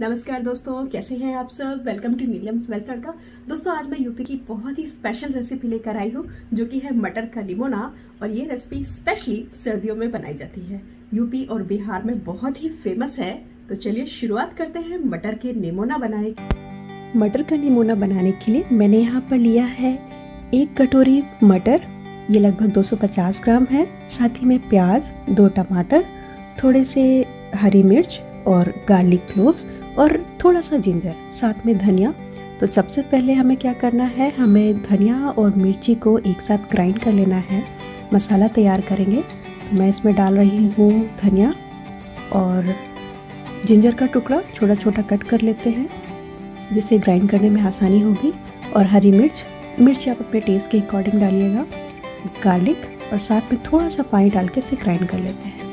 नमस्कार दोस्तों कैसे हैं आप सब वेलकम टू नीलम्स वेल का दोस्तों आज मैं यूपी की बहुत ही स्पेशल रेसिपी लेकर आई हूँ जो कि है मटर का लिमोना और ये रेसिपी स्पेशली सर्दियों में बनाई जाती है यूपी और बिहार में बहुत ही फेमस है तो चलिए शुरुआत करते हैं मटर के निमोना बनाने की मटर का निमोना बनाने के लिए मैंने यहाँ पर लिया है एक कटोरी मटर ये लगभग 250 ग्राम है साथ ही में प्याज दो टमाटर थोड़े से हरी मिर्च और गार्लिक क्लोव्स और थोड़ा सा जिंजर साथ में धनिया तो सबसे पहले हमें क्या करना है हमें धनिया और मिर्ची को एक साथ ग्राइंड कर लेना है मसाला तैयार करेंगे तो मैं इसमें डाल रही हूँ धनिया और जिंजर का टुकड़ा छोटा छोटा कट कर लेते हैं जिससे ग्राइंड करने में आसानी होगी और हरी मिर्च मिर्च आप अपने टेस्ट के अकॉर्डिंग डालिएगा गार्लिक और साथ में थोड़ा सा पानी डाल के इसे ग्राइंड कर लेते हैं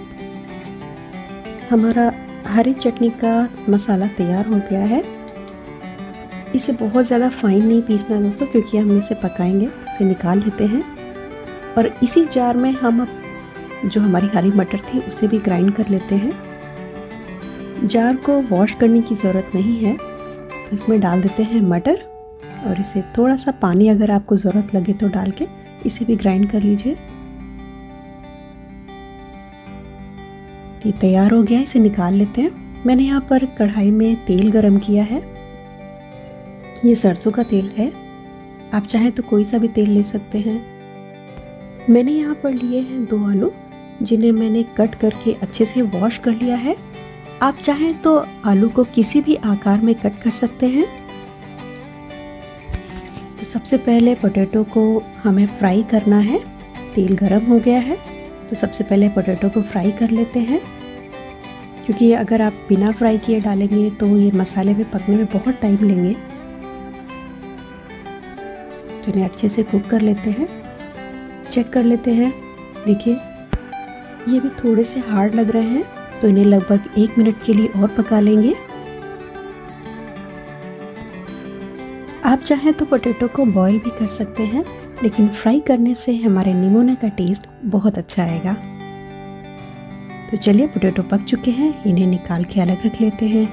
हमारा हरी चटनी का मसाला तैयार हो गया है इसे बहुत ज़्यादा फाइन नहीं पीसना है दोस्तों क्योंकि हम इसे पकाएंगे तो इसे निकाल लेते हैं और इसी जार में हम जो हमारी हरी मटर थी उसे भी ग्राइंड कर लेते हैं जार को वॉश करने की ज़रूरत नहीं है तो इसमें डाल देते हैं मटर और इसे थोड़ा सा पानी अगर आपको ज़रूरत लगे तो डाल के इसे भी ग्राइंड कर लीजिए ये तैयार हो गया है इसे निकाल लेते हैं मैंने यहाँ पर कढ़ाई में तेल गरम किया है ये सरसों का तेल है आप चाहें तो कोई सा भी तेल ले सकते हैं मैंने यहाँ पर लिए हैं दो आलू जिन्हें मैंने कट करके अच्छे से वॉश कर लिया है आप चाहें तो आलू को किसी भी आकार में कट कर सकते हैं तो सबसे पहले पोटैटो को हमें फ्राई करना है तेल गरम हो गया है तो सबसे पहले पोटैटो को फ्राई कर लेते हैं क्योंकि अगर आप बिना फ्राई किए डालेंगे तो ये मसाले में पकने में बहुत टाइम लेंगे तो इन्हें अच्छे से कुक कर लेते हैं चेक कर लेते हैं देखिए ये भी थोड़े से हार्ड लग रहे हैं तो इन्हें लगभग एक मिनट के लिए और पका लेंगे आप चाहें तो पोटैटो को बॉईल भी कर सकते हैं लेकिन फ्राई करने से हमारे निमोना का टेस्ट बहुत अच्छा आएगा तो चलिए पोटैटो पक चुके हैं इन्हें निकाल के अलग रख लेते हैं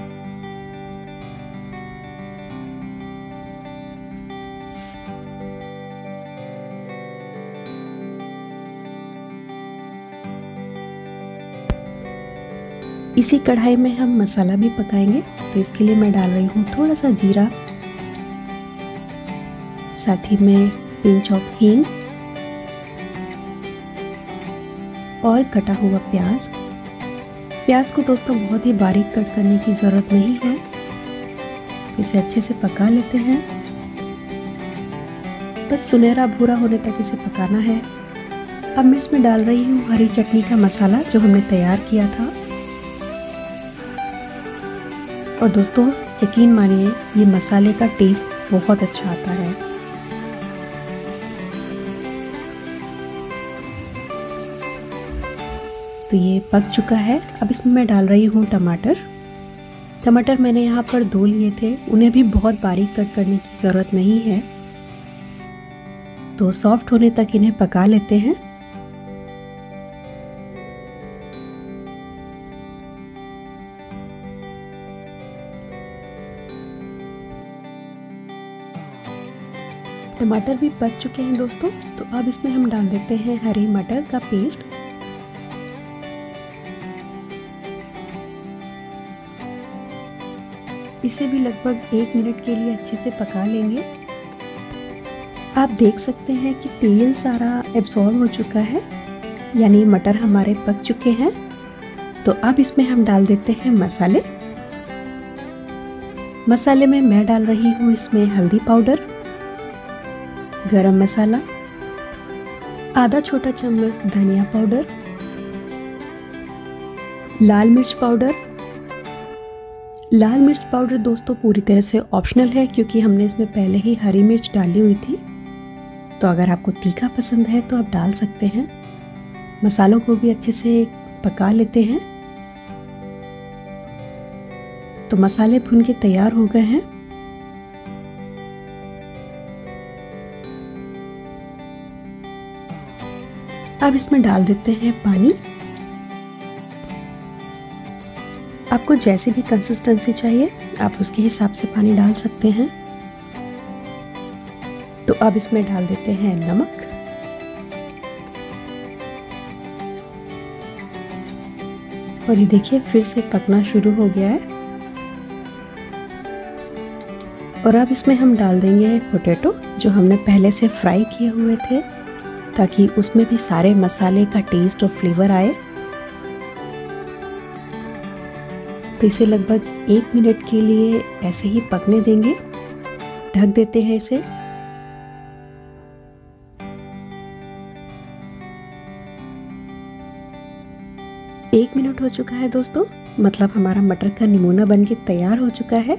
इसी कढ़ाई में हम मसाला भी पकाएंगे तो इसके लिए मैं डाल रही हूँ थोड़ा सा जीरा साथ ही में पिंच ऑफ हींग और कटा हुआ प्याज प्याज को दोस्तों बहुत ही बारीक कट करने की ज़रूरत नहीं है इसे अच्छे से पका लेते हैं बस सुनहरा भूरा होने तक इसे पकाना है अब मैं इसमें डाल रही हूँ हरी चटनी का मसाला जो हमने तैयार किया था और दोस्तों यकीन मानिए ये मसाले का टेस्ट बहुत अच्छा आता है तो ये पक चुका है अब इसमें मैं डाल रही हूँ टमाटर टमाटर मैंने यहाँ पर धो लिए थे उन्हें भी बहुत बारीक कट करने की ज़रूरत नहीं है तो सॉफ्ट होने तक इन्हें पका लेते हैं टमाटर भी पक चुके हैं दोस्तों तो अब इसमें हम डाल देते हैं हरी मटर का पेस्ट इसे भी लगभग एक मिनट के लिए अच्छे से पका लेंगे आप देख सकते हैं कि तेल सारा एब्जॉर्व हो चुका है यानी मटर हमारे पक चुके हैं तो अब इसमें हम डाल देते हैं मसाले मसाले में मैं डाल रही हूँ इसमें हल्दी पाउडर गरम मसाला आधा छोटा चम्मच धनिया पाउडर लाल मिर्च पाउडर लाल मिर्च पाउडर दोस्तों पूरी तरह से ऑप्शनल है क्योंकि हमने इसमें पहले ही हरी मिर्च डाली हुई थी तो अगर आपको तीखा पसंद है तो आप डाल सकते हैं मसालों को भी अच्छे से पका लेते हैं तो मसाले भुन के तैयार हो गए हैं अब इसमें डाल देते हैं पानी आपको जैसी भी कंसिस्टेंसी चाहिए आप उसके हिसाब से पानी डाल सकते हैं तो अब इसमें डाल देते हैं नमक और ये देखिए फिर से पकना शुरू हो गया है और अब इसमें हम डाल देंगे पोटैटो जो हमने पहले से फ्राई किए हुए थे ताकि उसमें भी सारे मसाले का टेस्ट और फ्लेवर आए तो इसे लगभग एक मिनट के लिए ऐसे ही पकने देंगे ढक देते हैं इसे एक मिनट हो चुका है दोस्तों मतलब हमारा मटर का नमूना बन के तैयार हो चुका है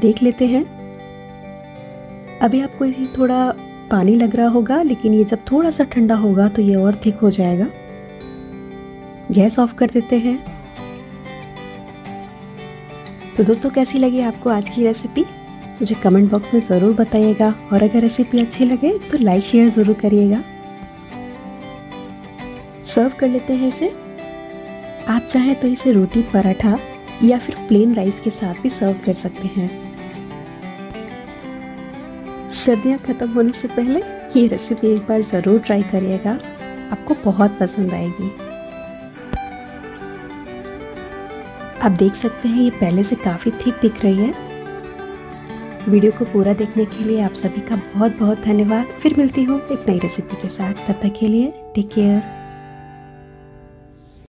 देख लेते हैं अभी आपको इसे थोड़ा पानी लग रहा होगा लेकिन ये जब थोड़ा सा ठंडा होगा तो ये और थिक हो जाएगा गैस ऑफ कर देते हैं तो दोस्तों कैसी लगी आपको आज की रेसिपी मुझे कमेंट बॉक्स में ज़रूर बताइएगा और अगर रेसिपी अच्छी लगे तो लाइक शेयर ज़रूर करिएगा सर्व कर लेते हैं इसे आप चाहें तो इसे रोटी पराठा या फिर प्लेन राइस के साथ भी सर्व कर सकते हैं सर्दियाँ ख़त्म होने से पहले ये रेसिपी एक बार ज़रूर ट्राई करिएगा आपको बहुत पसंद आएगी आप देख सकते हैं ये पहले से काफ़ी ठीक दिख रही है वीडियो को पूरा देखने के लिए आप सभी का बहुत बहुत धन्यवाद फिर मिलती हूँ एक नई रेसिपी के साथ तब तक के लिए टेक केयर